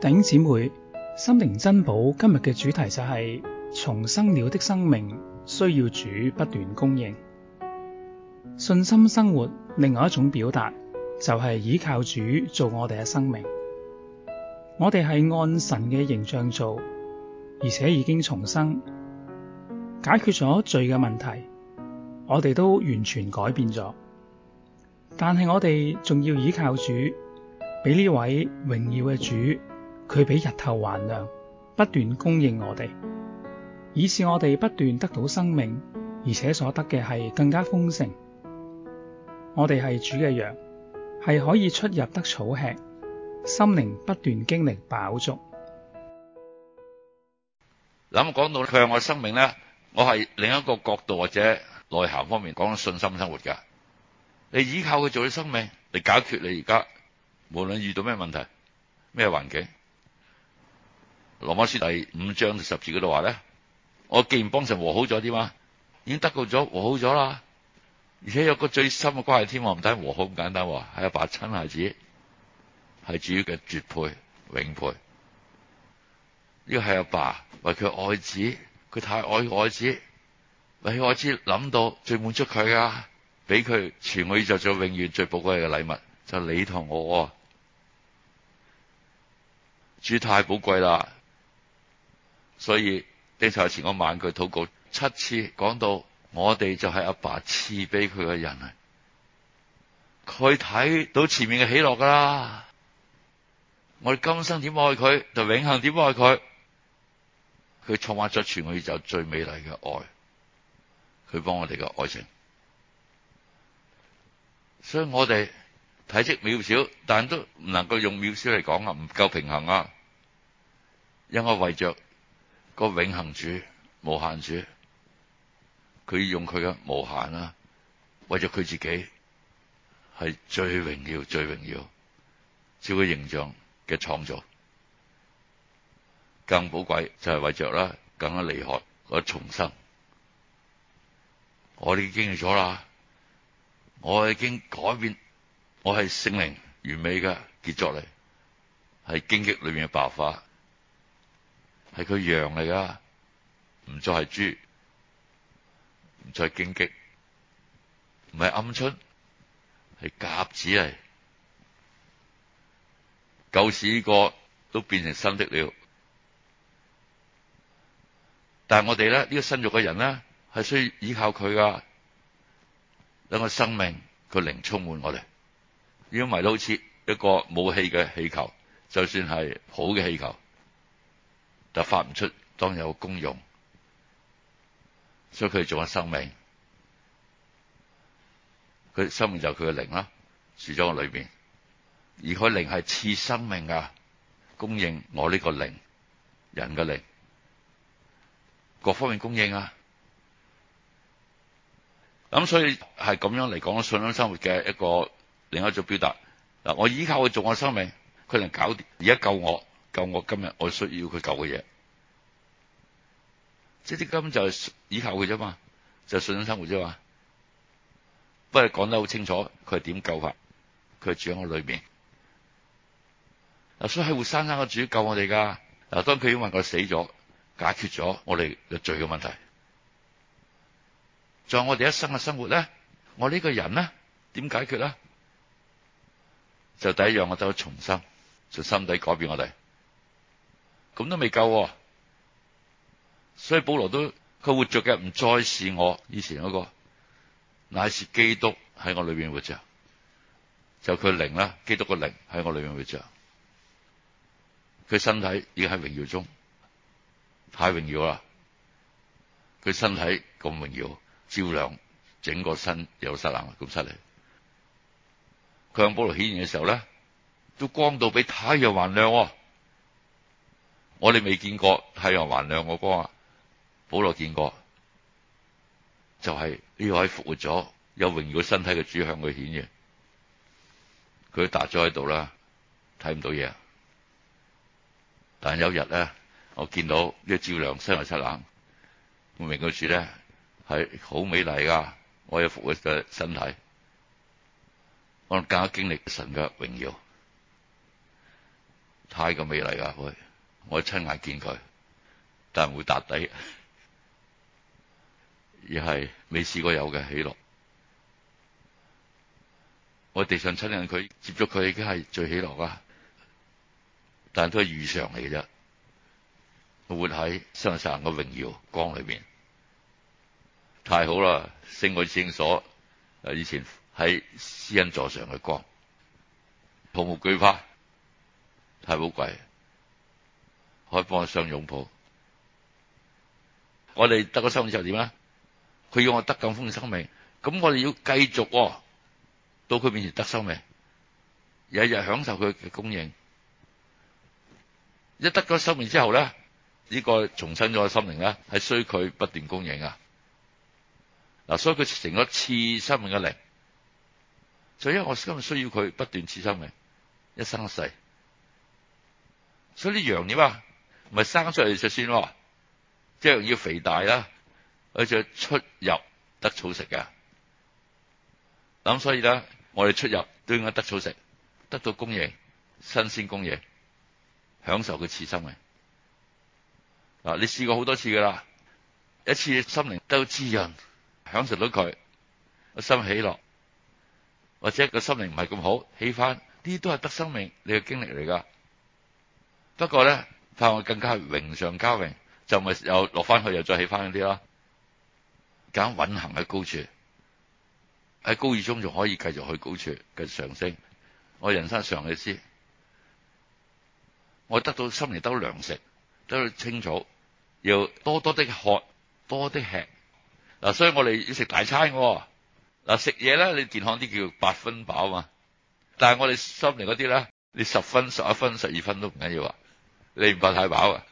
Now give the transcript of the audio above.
頂姊妹，心靈珍寶今日嘅主題就係重生了的生命，需要主不斷供應。信心生活，另外一種表達就係依靠主做我哋嘅生命。我哋係按神嘅形象做，而且已經重生，解決咗罪嘅問題。我哋都完全改變咗，但係我哋仲要依靠主，俾呢位榮耀嘅主。佢比日頭還亮，不斷供應我哋，以使我哋不斷得到生命，而且所得嘅係更加豐盛。我哋係主嘅羊，係可以出入得草吃，心靈不斷經歷飽足。咁講到佢係我生命咧，我係另一個角度或者內涵方面講信心生活噶。你依靠佢做嘅生命，嚟解決你而家無論遇到咩問題，咩環境。羅馬書第五章十字嗰度話咧，我既然幫神和好咗，啲嘛，已經得到咗和好咗啦，而且有個最深嘅關係添，我唔睇，和好咁簡單，係阿爸親孩子，係主要嘅絕配永配。呢個係阿爸，爸為佢愛子，佢太愛愛子，為愛子諗到最滿足佢啊，俾佢傳我以就做永遠最寶貴嘅禮物，就是、你同我，主太寶貴啦。所以丁查前我萬句禱告七次講到我爸爸，我哋就係阿爸賜俾佢嘅人啊！佢睇到前面嘅喜樂噶啦，我哋今生點愛佢，就永恆點愛佢。佢創造咗全宇宙最美麗嘅愛，佢幫我哋嘅愛情。所以我哋體積渺小，但都唔能夠用渺小嚟講啊，唔夠平衡啊，因為為著。那個永恒主、無限主，佢用佢嘅無限啦，為咗佢自己係最榮耀、最榮耀照佢形象嘅創造，更寶貴就係、是、為著啦更加厲害個重生。我哋經歷咗啦，我已經改變，我係聖靈完美嘅傑作嚟，係荊棘裏面嘅白花。係佢羊嚟噶，唔再係豬，唔再荊棘，唔係鵪鶉，係鴿子嚟。舊事過都變成新的了，但係我哋咧呢、這個新肉嘅人咧，係需要依靠佢噶，兩個生命佢靈充滿我哋，如果埋都好似一個武器嘅氣球，就算係好嘅氣球。就發唔出當有功用，所以佢做我生命，佢生命就佢嘅靈啦，住咗我裏邊。而佢靈係賜生命啊，供應我呢個靈，人嘅靈，各方面供應啊。咁所以係咁樣嚟講，信仰生活嘅一個另外一種表達嗱，我依靠佢做我生命，佢能搞掂，而家救我。我今日我需要佢救嘅嘢，即係啲金就係依靠佢啫嘛，就係、是、信心生活啫嘛。不過講得好清楚他是怎他，佢係點救法？佢係住喺我裏面。嗱，所以喺活生生嘅主救我哋噶。嗱，當佢已經為我死咗，解決咗我哋嘅罪嘅問題。在我哋一生嘅生活咧，我呢個人咧點解決咧？就第一樣，我得到重生，就心底改變我哋。咁都未夠啊，所以保羅都佢活着嘅，唔再是我以前嗰個，乃是基督喺我裏邊活着，就佢靈啦，基督個靈喺我裏邊活着，佢身體已經喺榮耀中，太榮耀啦，佢身體咁榮耀，照亮整個身有失明咁犀利，佢向保羅顯現嘅時候咧，都光到比太陽還亮啊。我哋未見過太陽還亮嗰光，保羅見過，就係呢位復活咗，有榮耀身體嘅主向佢顯現，佢達咗喺度啦，睇唔到嘢，但有日咧，我見到一照亮，生又七冷，明告主咧係好美麗噶，我有復活嘅身體，我更加經歷神嘅榮耀，太過美麗㗎。佢。我親眼見佢，但會踏底，而係未試過有嘅喜樂。我地上親眼佢接觸佢已經係最喜樂啊！但都係如常嚟嘅啫。我活喺雙行嘅榮耀光裏面。太好啦！聖愛聖所，誒，以前喺施恩座上嘅光，毫無懼怕，太寶貴。開放相擁抱，我哋得咗生命之後點咧？佢要我得咁豐盛生命，咁我哋要繼續喎，到佢面前得生命，日日享受佢嘅供應。一得咗生命之後咧，呢個重生咗嘅生命咧，係需要佢不斷供應啊！嗱，所以佢成咗賜生命嘅靈，就因為我今日需要佢不斷賜生命，一生一世。所以呢樣嘢啊，咪生出嚟就算咯，即係要肥大啦，佢就要出入得草食㗎。咁所以咧，我哋出入都應該得草食，得到供應，新鮮供應，享受佢賜生命。嗱，你試過好多次噶啦，一次心靈得到滋潤，享受到佢，個心喜樂，或者個心靈唔係咁好，起返，呢啲都係得生命你嘅經歷嚟噶。不過咧。怕我更加榮上加榮，就咪又落翻去，又再起翻嗰啲咯。揀穩行喺高處，喺高處中就可以繼續去高處，繼續上升。我人生上嘅知，我得到心靈得糧食，得到青草，要多多的喝，多啲吃嗱。所以我哋要食大餐嗱，食嘢咧你健康啲叫八分飽嘛。但係我哋心靈嗰啲咧，你十分、十一分、十二分都唔緊要啊。你唔怕太飽啊？